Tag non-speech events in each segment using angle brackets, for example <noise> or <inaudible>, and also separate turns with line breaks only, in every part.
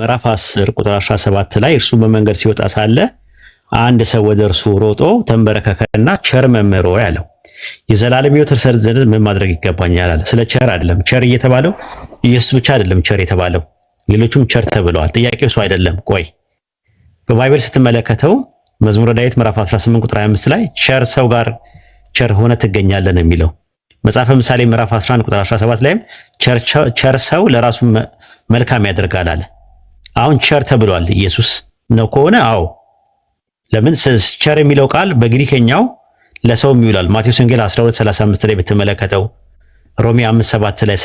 ምዕራፍ 10 ቁጥር 17 ላይ እርሱ በመንገድ ሲወጣ ሳለ አንድ ሰው ወደ እርሱ ሮጦ ተንበረከከና ቸር መምህር ሆይ አለው። የዘላለም ሕይወት እርሰር ዘንድ ምን ማድረግ ይገባኛል አለ። ስለ ቸር አይደለም ቸር እየተባለው ኢየሱስ ብቻ አይደለም ቸር የተባለው ሌሎቹም ቸር ተብለዋል። ጥያቄው እሱ አይደለም። ቆይ በባይብል ስትመለከተው መዝሙረ ዳዊት ምዕራፍ 18 ቁጥር 25 ላይ ቸር ሰው ጋር ቸር ሆነ ትገኛለን የሚለው መጽሐፈ ምሳሌ ምዕራፍ 11 ቁጥር 17 ላይም ቸር ሰው ለራሱ መልካም ያደርጋል አለ። አሁን ቸር ተብሏል። ኢየሱስ ነው ከሆነ አዎ። ለምን ቸር የሚለው ቃል በግሪከኛው ለሰው የሚውላል ማቴዎስ ወንጌል 12:35 ላይ ብትመለከተው፣ ሮሜ 5:7 ላይ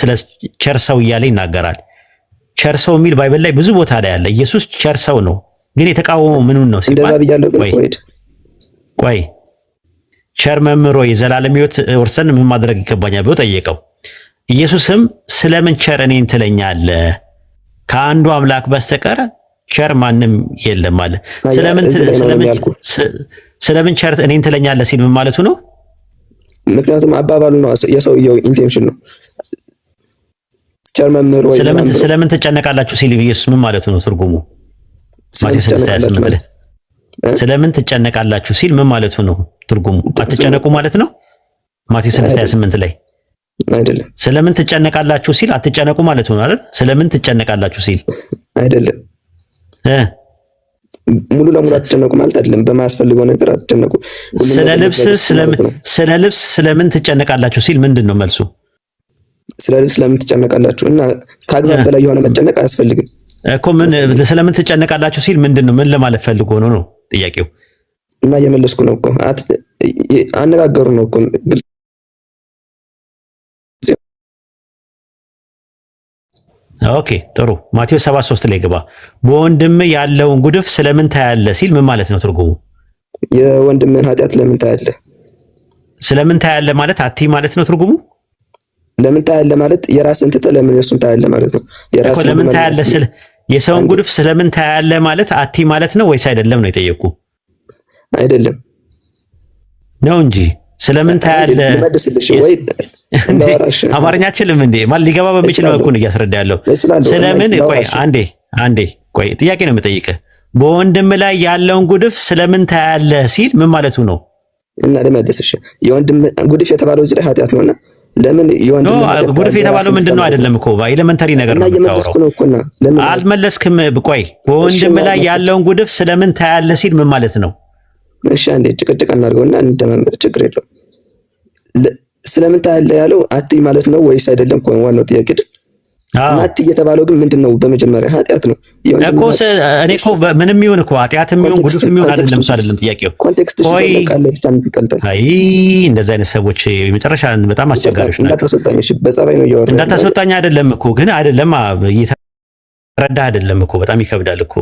ስለ ቸር ሰው እያለ ይናገራል። ቸር ሰው የሚል ባይብል ላይ ብዙ ቦታ ላይ አለ። ኢየሱስ ቸር ሰው ነው፣ ግን የተቃወመው ምኑን ነው ሲባል ቆይ ቸር መምህሮ የዘላለም ሕይወት ወርሰን ምን ማድረግ ይገባኛል ብሎ ጠየቀው። ኢየሱስም ስለምን ቸር እኔን ትለኛለህ ከአንዱ አምላክ በስተቀር ቸር ማንም የለም አለ። ስለምን ቸር እኔን ትለኛለህ ሲል ምን ማለቱ ነው?
ምክንያቱም አባባሉ ነው፣ የሰውየው ኢንቴንሽን ነው። ቸር መምህር ወይ
ስለምን ትጨነቃላችሁ ሲል ኢየሱስ ምን ማለቱ ነው? ትርጉሙ ስለምን ትጨነቃላችሁ ሲል ምን ማለቱ ነው? ትርጉሙ አትጨነቁ ማለት ነው። ማቴዎስ 6:28 ላይ አይደለም። ስለምን ትጨነቃላችሁ ሲል አትጨነቁ ማለት ነው አይደል? ስለምን ትጨነቃላችሁ ሲል
አይደለም። ሙሉ ለሙሉ አትጨነቁ ማለት አይደለም። በማያስፈልገው ነገር አትጨነቁ።
ስለ ልብስ ስለ ልብስ ስለምን ትጨነቃላችሁ ሲል ምንድን ነው መልሱ?
ስለ ልብስ ስለምን ትጨነቃላችሁ እና ከአግባብ በላይ የሆነ መጨነቅ አያስፈልግም
እኮ። ምን ስለምን ትጨነቃላችሁ ሲል ምንድን ነው ምን ለማለት ፈልጎ ነው ነው ጥያቄው።
እና እየመለስኩ ነው እኮ አነጋገሩ ነው እኮ
ኦኬ ጥሩ ማቴዎስ 7:3 ላይ ግባ። በወንድም ያለውን ጉድፍ ስለምን ታያለ ሲል ምን ማለት ነው ትርጉሙ?
የወንድም ኃጢአት ለምን ታያለ
ስለምን ታያለ ማለት አትይ ማለት ነው ትርጉሙ።
ለምን ታያለ ማለት የራስን ትተህ ለምን የእሱን ታያለ ማለት ነው።
የራስን ለምን ታያለ ስለ የሰውን ጉድፍ ስለምን ታያለ ማለት አትይ ማለት ነው ወይስ አይደለም ነው የጠየቁ? አይደለም ነው እንጂ ስለምን ታያለ አማርኛችን ልም እንዴ? ማ ሊገባ በሚችል መልኩ ነው እያስረዳ ያለው። ስለምን ቆይ አንዴ አንዴ ቆይ ጥያቄ ነው የምጠይቅህ። በወንድም ላይ ያለውን ጉድፍ ስለምን ታያለ ሲል ምን ማለቱ ነው?
እና ለመደስሽ የወንድም ጉድፍ የተባለው እዚህ ላይ ኃጢአት ነውና
ለምን የወንድም ጉድፍ የተባለው ምንድን ነው? አይደለም እኮ ኤሌመንተሪ ነገር ነው
የምታወራው።
አልመለስክም። ቆይ በወንድም ላይ ያለውን ጉድፍ ስለምን ታያለ ሲል ምን ማለት ነው?
እሺ አንዴ ጭቅጭቅ እናድርገውና እንደመመድ ችግር የለውም። ስለምን ታለ ያለው አትይ ማለት ነው ወይስ አይደለም? ዋናው ጥያቄ ድል ናት እየተባለው ግን ምንድን ነው? በመጀመሪያ ኃጢአት ነው
እኮ እኔ እኮ ምንም ይሁን እኮ ኃጢአት የሚሆን ጉዱፍ የሚሆን አይደለም እሱ አይደለም ጥያቄው። ኮንቴክስት እንደዚህ አይነት ሰዎች የመጨረሻ በጣም አስቸጋሪዎች
ናቸው። እንዳታስወጣኝ እሺ፣ በጸባይ ነው እያወራሁ
እንዳታስወጣኝ አይደለም እኮ ግን አይደለም እየተረዳህ አይደለም እኮ በጣም ይከብዳል እኮ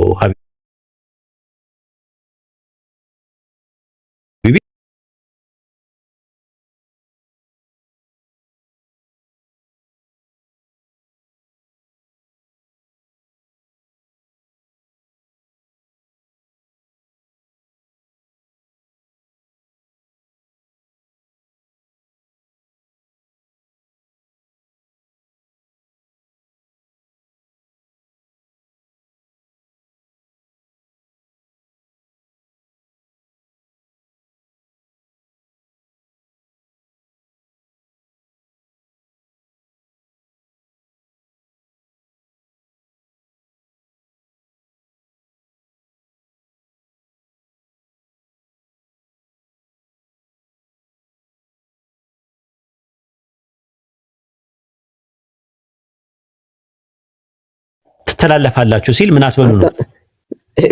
ትተላለፋላችሁ ሲል ምን አትበሉ ነው?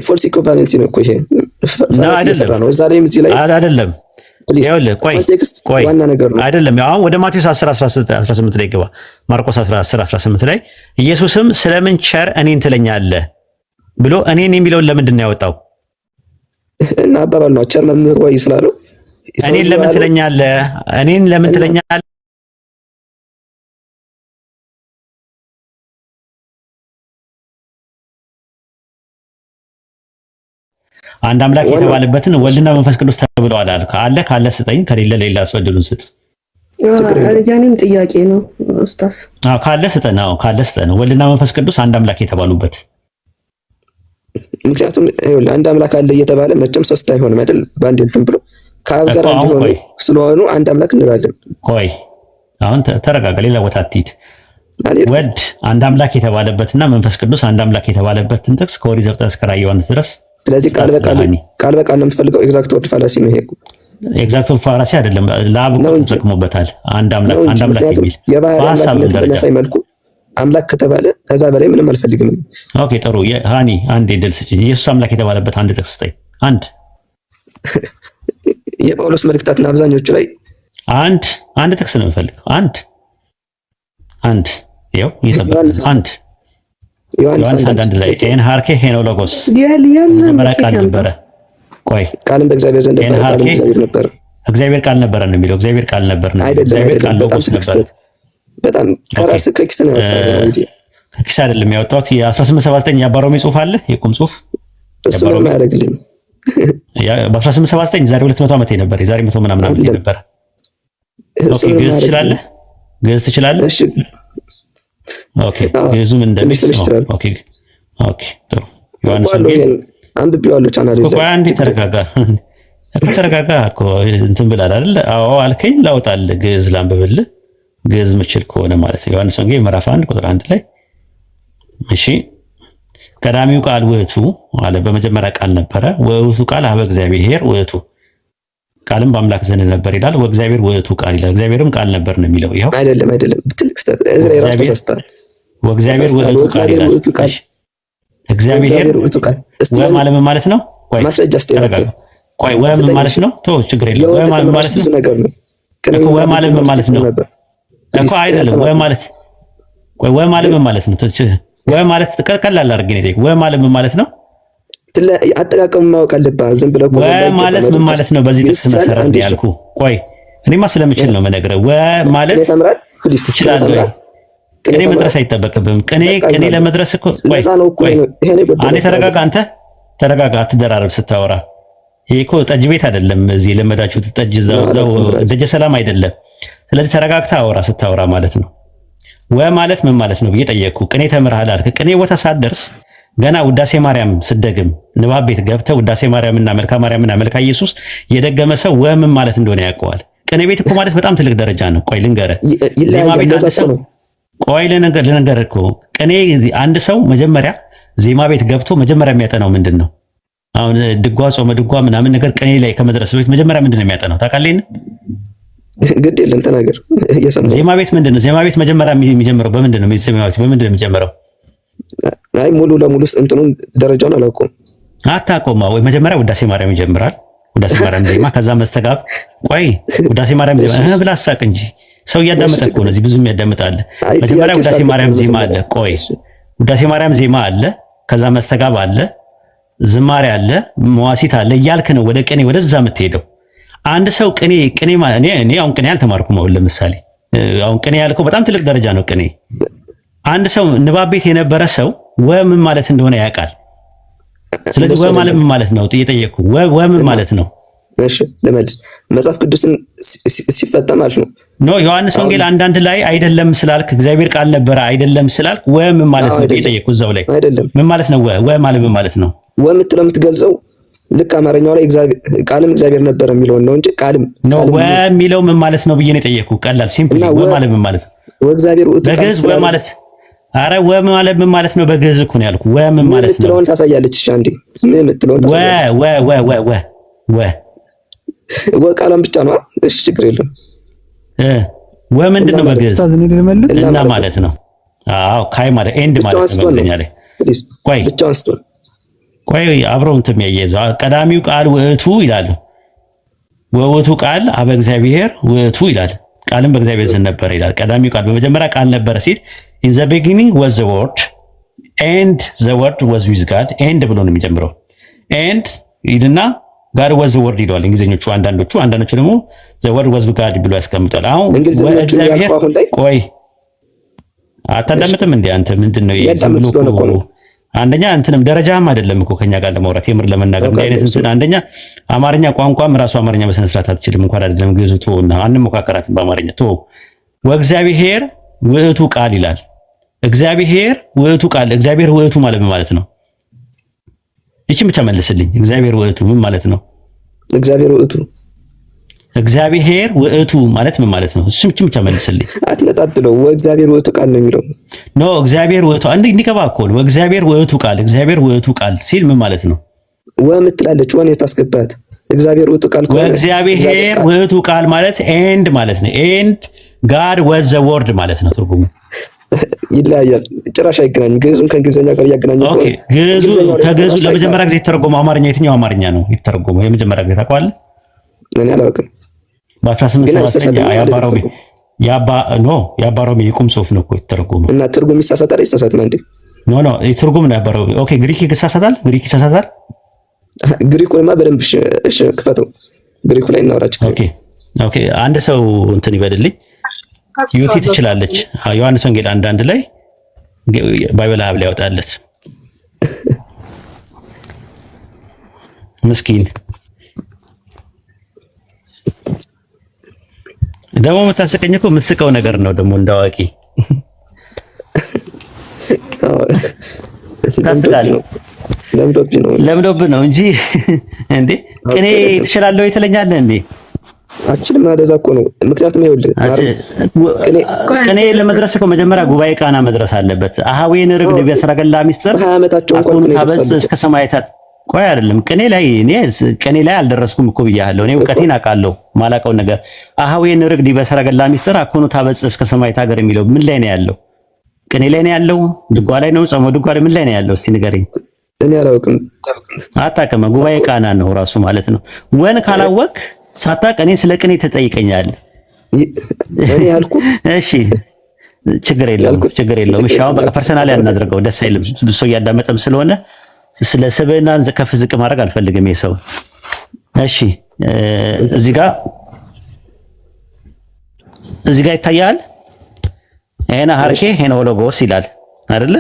ፎልስ ነው እኮ ይሄ
ነው። እዛ ላይም እዚህ ላይ አይደለም። አይደለም። አሁን ወደ ማቴዎስ 10 18 ላይ ግባ። ማርቆስ 10 18 ላይ ኢየሱስም ስለምን ቸር እኔን ትለኛለህ ብሎ እኔን የሚለውን ለምንድን ነው ያወጣው?
እና አባባል ነው ቸር መምህር ወይ ስላለው
እኔን ለምን ትለኛለህ? እኔን ለምን ትለኛለህ አንድ አምላክ የተባለበትን ወልድና መንፈስ ቅዱስ ተብለዋል። አለ ካለ ስጠኝ፣ ከሌለ ሌላ አስወልዱን ስጥ።
ያኔም ጥያቄ ነው ኡስታዝ።
አዎ ካለ ስጠን፣ አዎ ካለ ስጠን። ወልድና መንፈስ ቅዱስ አንድ አምላክ የተባሉበት
ምክንያቱም አንድ አምላክ አለ እየተባለ መቼም ሶስት አይሆንም አይደል? በአንድ እንትን ብሎ ከአብ ጋር እንዲሆኑ ስለሆኑ አንድ አምላክ እንላለን።
ቆይ አሁን ተረጋጋ፣ ሌላ ቦታ አትሂድ። ወልድ አንድ አምላክ የተባለበትና መንፈስ ቅዱስ አንድ አምላክ የተባለበትን ጥቅስ ከኦሪት ዘፍጥረት እስከ ራዕየ ዮሐንስ ድረስ
ስለዚህ ቃል በቃል ቃል በቃል የምትፈልገው። ኤግዛክት ወርድ ፋላሲ ነው ይሄ።
ኤግዛክት ወርድ ፋላሲ አይደለም፣ ለአብ ተጠቅሞበታል። አንድ አምላክ አንድ አምላክ የሚል በሀሳብነት በመሳይ
መልኩ አምላክ ከተባለ ከዛ በላይ ምንም አልፈልግም።
ኦኬ ጥሩ ሃኒ አንድ ድል ስጭኝ። ኢየሱስ አምላክ የተባለበት አንድ ጥቅስ ስጠኝ። አንድ
<laughs> የጳውሎስ መልእክታትና አብዛኞቹ ላይ
አንድ አንድ ጥቅስ ነው የምፈልገው። አንድ አንድ ይኸው እየጠበቅን አንድ ዮሐንስ አንድ አንድ ላይ ኤን ሃርኬ ሄኖ ሎጎስ
መጀመሪያ
ቃል ነበረ። ቆይ
ቃልም በእግዚአብሔር ዘንድ
ነበረ፣ እግዚአብሔር ቃል ነበረ ነው የሚለው። እግዚአብሔር ቃል ነበር ነው እግዚአብሔር ቃል ሎጎስ ነበረ።
በጣም ከራስህ ከኪስህ ነው ያወጣኸው
እንጂ ከኪስህ አይደለም ያወጣሁት። የ1879 የአባሮሜ ጽሑፍ አለ የቁም ጽሑፍ
እሱ ነው የማያደርግልኝ።
<laughs> በ1879 ዛሬ 200 ዓመት ነበር፣ የዛሬ 100 ምናምን ዓመት ነበር። ግዕዝ ትችላለህ፣ ግዕዝ ትችላለህ ተረጋጋ ብላል አይደል? አዎ አልከኝ። ላውጣልህ ግዕዝ ላንብብልህ ግዕዝ ምችል ከሆነ ማለት ነው። ዮሐንስ ወንጌል ምዕራፍ አንድ ቁጥር አንድ ላይ እሺ ቀዳሚው ቃል ውእቱ አለ። በመጀመሪያ ቃል ነበረ፣ ወውእቱ ቃል ኀበ እግዚአብሔር ውእቱ ቃልም በአምላክ ዘንድ ነበር ይላል። ወእግዚአብሔር ውእቱ ቃል ይላል። እግዚአብሔርም ቃል ነበር ነው የሚለው። ይኸው
አይደለም አይደለም፣ ትልቅ ስህተት። እዝራ ራሱ
ወእግዚአብሔር ውእቱ ቃል ይላል። እግዚአብሔር ውእቱ ቃል ወ ማለት ምን ማለት ነው? ቆይ ማስረጃ እስቲ አስተያየት ቆይ ወ ምን ማለት ነው? ተው ችግር የለም። ወ ማለት ማለት ነው ነገር ነው እኮ ወ ማለት ምን ማለት ነው እኮ አይደለም። ወ ማለት ቆይ ወ ማለት ምን ማለት ነው? ወ ማለት ቀላል አድርጌ ነው። ወ ማለት ምን ማለት ነው?
አጠቃቀሙ ማወቅ አለብህ። ዝም
ብለህ ወይ ማለት ምን ማለት ነው? በዚህ ጥቅስ መሰረት ነው ያልኩህ። ቆይ እኔማ ስለምችል ነው የምነግርህ። ወይ ማለት ትችላለህ ቅኔ መድረስ አይጠበቅብም። ቅኔ ቅኔ ለመድረስ እኮ አንዴ ተረጋጋ፣ አንተ ተረጋጋ፣ አትደራረብ ስታወራ። ይሄ እኮ ጠጅ ቤት አይደለም፣ እዚህ የለመዳችሁት ጠጅ እዛው እዛው ደጀ ሰላም አይደለም። ስለዚህ ተረጋግታ አወራ ስታወራ ማለት ነው። ወ ማለት ምን ማለት ነው ብዬ ጠየቅኩ። ቅኔ ተምርሃል አልክ። ቅኔ ቦታ ሳትደርስ ገና ውዳሴ ማርያም ስደግም ንባብ ቤት ገብተህ ውዳሴ ማርያምና መልካ ማርያምና መልካ ኢየሱስ የደገመ ሰው ወ ምን ማለት እንደሆነ ያውቀዋል። ቅኔ ቤት እኮ ማለት በጣም ትልቅ ደረጃ ነው። ቆይ ልንገርህ ዜማ ቤት ቆይ ለነገር ለነገር እኮ ቅኔ አንድ ሰው መጀመሪያ ዜማ ቤት ገብቶ መጀመሪያ የሚያጠናው ምንድን ነው? አሁን ድጓ፣ ጾመ ድጓ ምናምን ነገር ቅኔ ላይ ከመድረስ በፊት መጀመሪያ ምንድን ነው የሚያጠናው? ታውቃለህ?
ግድ የለም ተናገር።
ዜማ ቤት ምንድን ነው? ዜማ ቤት መጀመሪያ የሚጀምረው በምንድን ነው? በምንድን ነው የሚጀምረው?
አይ ሙሉ ለሙሉ እንትኑን ደረጃውን አላውቀውም።
አታውቀውማ ወይ? መጀመሪያ ውዳሴ ማርያም ይጀምራል። ውዳሴ ማርያም ዜማ፣ ከዛ መስተጋብ። ቆይ ውዳሴ ማርያም ዜማ ብላ አሳቅ እንጂ ሰው እያዳመጠ እኮ ነው። እዚህ ብዙ የሚያዳምጥ አለ። መጀመሪያ ውዳሴ ማርያም ዜማ አለ። ቆይ ውዳሴ ማርያም ዜማ አለ፣ ከዛ መስተጋብ አለ፣ ዝማሬ አለ፣ መዋሲት አለ እያልክ ነው ወደ ቅኔ ወደዛ የምትሄደው። አንድ ሰው ቅኔ ቅኔ እኔ እኔ አሁን ቅኔ አልተማርኩም። አሁን ለምሳሌ አሁን ቅኔ ያልከው በጣም ትልቅ ደረጃ ነው። ቅኔ አንድ ሰው ንባብ ቤት የነበረ ሰው ወ ምን ማለት እንደሆነ ያውቃል። ስለዚህ ወ ማለት ምን ማለት ነው እየጠየቅኩ ወ ምን ማለት ነው?
እሺ ለመልስ መጽሐፍ ቅዱስን ሲፈታ ማለት ነው
ኖ ዮሐንስ ወንጌል አንዳንድ ላይ አይደለም ስላልክ እግዚአብሔር ቃል ነበረ አይደለም ስላልክ ወ ምን ማለት ነው? የጠየቅኩ እዛው ላይ አይደለም ምን ማለት ነው? ወ ማለት ምን ማለት ነው?
ወ የምትለው የምትገልጸው ልክ አማርኛው ላይ እግዚአብሔር ቃልም እግዚአብሔር ነበረ የሚለውን ነው እንጂ ቃልም
ኖ ወ የሚለው ምን ማለት ነው ብዬ ነው የጠየቅኩ። ቀላል ሲምፕል ወ ማለት ምን ማለት ነው? ወ እግዚአብሔር በግዕዝ ወ ማለት አረ ወ ማለት ምን ማለት ነው? በግዕዝ እኮ ነው ያልኩ። ወ ምን ማለት ነው?
የምትለውን ታሳያለች። እሺ አንዴ
ምን የምትለውን ታሳያለች። ወ ወ ወ ወ ወ
ወ ቃሏን ብቻ ነው። እሺ ችግር የለም
ወ ምንድን ነው በግዕዝ እና ማለት ነው። አዎ ካይ ማለት ኤንድ ማለት ነው እንደኛ ላይ። ቆይ ቆይ አብረው እንትን የሚያያይዘው ቀዳሚው ቃል ውዕቱ ይላሉ። ወውቱ ቃል አበ እግዚአብሔር ውዕቱ ይላል። ቃልም በእግዚአብሔር ዘንድ ነበረ ይላል። ቀዳሚው ቃል በመጀመሪያ ቃል ነበረ ሲል ኢን ዘ ቢጊኒንግ ወዝ ዘ ወርድ ኤንድ ዘ ወርድ ወዝ ዊዝ ጋድ ኤንድ ብሎ ነው የሚጀምረው ኤንድ ይልና ጋድ ወዝ ወርድ ይለዋል እንግሊዘኞቹ አንዳንዶቹ፣ አንዳንዶቹ ደግሞ ዘ ወርድ ወዝ ጋድ ብሎ ያስቀምጧል። አሁን ቆይ አታዳምጥም እንዴ አንተ? ምንድን ነው አንደኛ እንትንም ደረጃም አይደለም እኮ ከኛ ጋር ለማውራት የምር ለመናገር እንደ አይነት እንትን አንደኛ አማርኛ ቋንቋም ራሱ አማርኛ በስነ ስርዓት አትችልም እንኳን አይደለም ግዙ ተውና አንሞካከራትም በአማርኛ ተው። ወእግዚአብሔር ውእቱ ቃል ይላል። እግዚአብሔር ውእቱ ቃል እግዚአብሔር ውእቱ ማለት ማለት ነው ይችን ብቻ መልስልኝ። እግዚአብሔር ውእቱ ምን ማለት ነው? እግዚአብሔር ውእቱ እግዚአብሔር ውእቱ ማለት ምን ማለት ነው? እሱም ይችን ብቻ መልስልኝ።
ነው ወእግዚአብሔር ውእቱ ቃል ነው የሚለው
ኖ እግዚአብሔር ውእቱ አንድ እንዲገባ እኮ ወእግዚአብሔር ውእቱ ቃል እግዚአብሔር ውእቱ ቃል ሲል ምን ማለት ነው?
ወምትላለች ወን የታስገባት እግዚአብሔር ውእቱ ቃል
ወእግዚአብሔር ውእቱ ቃል ማለት ኤንድ ማለት ነው። ኤንድ ጋድ ወዝ ዘ ወርድ ማለት ነው ትርጉሙ
ይለያያል። ጭራሽ አይገናኝም። ግዕዙን ከእንግሊዝኛ ጋር እያገናኘ
ግዕዙ ከግዕዙ ለመጀመሪያ ጊዜ የተረጎመው አማርኛ የትኛው አማርኛ ነው የተረጎመው? የመጀመሪያ ጊዜ ታውቀዋለህ? እኔ አላውቅም። በ1879 የአባ ሮሚ የቁም ጽሑፍ ነው እኮ የተረጎመው።
እና ትርጉም ይሳሳታል አይሳሳትም? እንዴ
ኖ ኖ ትርጉም ነው ያባረው። ኦኬ ግሪክ ይሳሳታል፣ ግሪክ ይሳሳታል።
ግሪኩንማ በደንብ እሺ፣ ክፈተው። ግሪኩ ላይ እናወራጭ።
ኦኬ ኦኬ። አንድ ሰው እንትን ይበልልኝ ዩቲ ትችላለች። ዮሐንስ ወንጌል አንዳንድ ላይ ባይበል ሀብ ላይ ያወጣለት <laughs> ምስኪን ደግሞ የምታስቀኝ እኮ ምስቀው ነገር ነው። ደግሞ እንዳዋቂ ታስቃለህ። ለምዶብህ ነው እንጂ እንዴ ቅኔ ትችላለህ ወይ ትለኛለህ እንዴ?
አችልም አለዛ እኮ ነው። ምክንያቱም ይኸውልህ
ቅኔ ለመድረስ እኮ መጀመሪያ ጉባኤ ቃና መድረስ አለበት። አሃዌን ርግድ ቢያስራገላ ሚስጥር ታበስ እስከ ሰማያት ቆይ አይደለም ቅኔ ላይ እኔ ቅኔ ላይ አልደረስኩም እኮ ብያለሁ። እኔ እውቀቴን አውቃለሁ ማላውቀውን ነገር አሃዌን ርግድ ቢያስራገላ ሚስጥር አኮኑ ታበዝ እስከ ሰማያት ሀገር የሚለው ምን ላይ ነው ያለው? ቅኔ ላይ ነው ያለው? ድጓ ላይ ነው? ጾመ ድጓ ላይ ምን ላይ ነው ያለው? እስቲ ንገረኝ። እኔ አላውቅም። አታውቅም። ጉባኤ ቃና ነው ራሱ ማለት ነው። ወን ካላወቅ ሳታቅ እኔ ስለ ቅኔ ተጠይቀኛል። እኔ ያልኩ እሺ፣ ችግር የለውም ችግር የለውም። እሺ፣ አሁን በቃ ፐርሰናል ያናድርገው፣ ደስ አይልም። ብዙ ሰው እያዳመጠም ስለሆነ ስለ ስብዕናን ከፍ ዝቅ ማድረግ አልፈልግም። የሰው ሰው እሺ፣ እዚህ ጋር እዚህ ጋር ይታያል። ሄና ሀርኬ ሄና ሎጎስ ይላል አይደለ?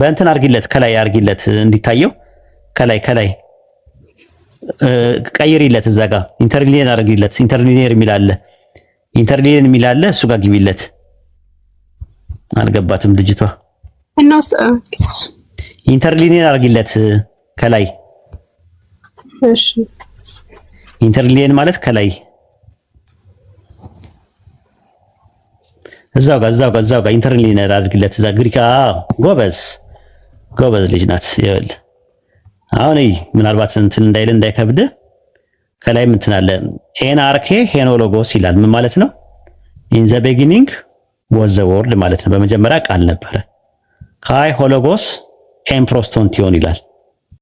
በእንትን አርጊለት ከላይ አርጊለት እንዲታየው ከላይ ከላይ ቀይሪለት፣ እዛ ጋ ኢንተርሊኔር አድርጊለት። ኢንተርሊኔር የሚላለ ኢንተርሊኔር የሚላለ እሱ ጋር ግቢለት። አልገባትም ልጅቷ። እናስ ኢንተርሊኔር አድርጊለት ከላይ። እሺ ኢንተርሊኔር ማለት ከላይ እዛው ጋር እዛው ጋር እዛው ጋር ኢንተርሊኔር አድርግለት። እዛ ግሪካ ጎበዝ ጎበዝ ልጅ ናት ይኸውልህ አሁን ይ ምናልባት እንትን እንዳይል እንዳይከብድ ከላይ እንትን አለ ኤንአርኬ ሄኖሎጎስ ይላል። ምን ማለት ነው? ኢን ዘ ቢጊኒንግ ወዘ ወርድ ማለት ነው። በመጀመሪያ ቃል ነበረ። ካይ ሆሎጎስ ኤምፕሮስቶንቲዮን ይላል።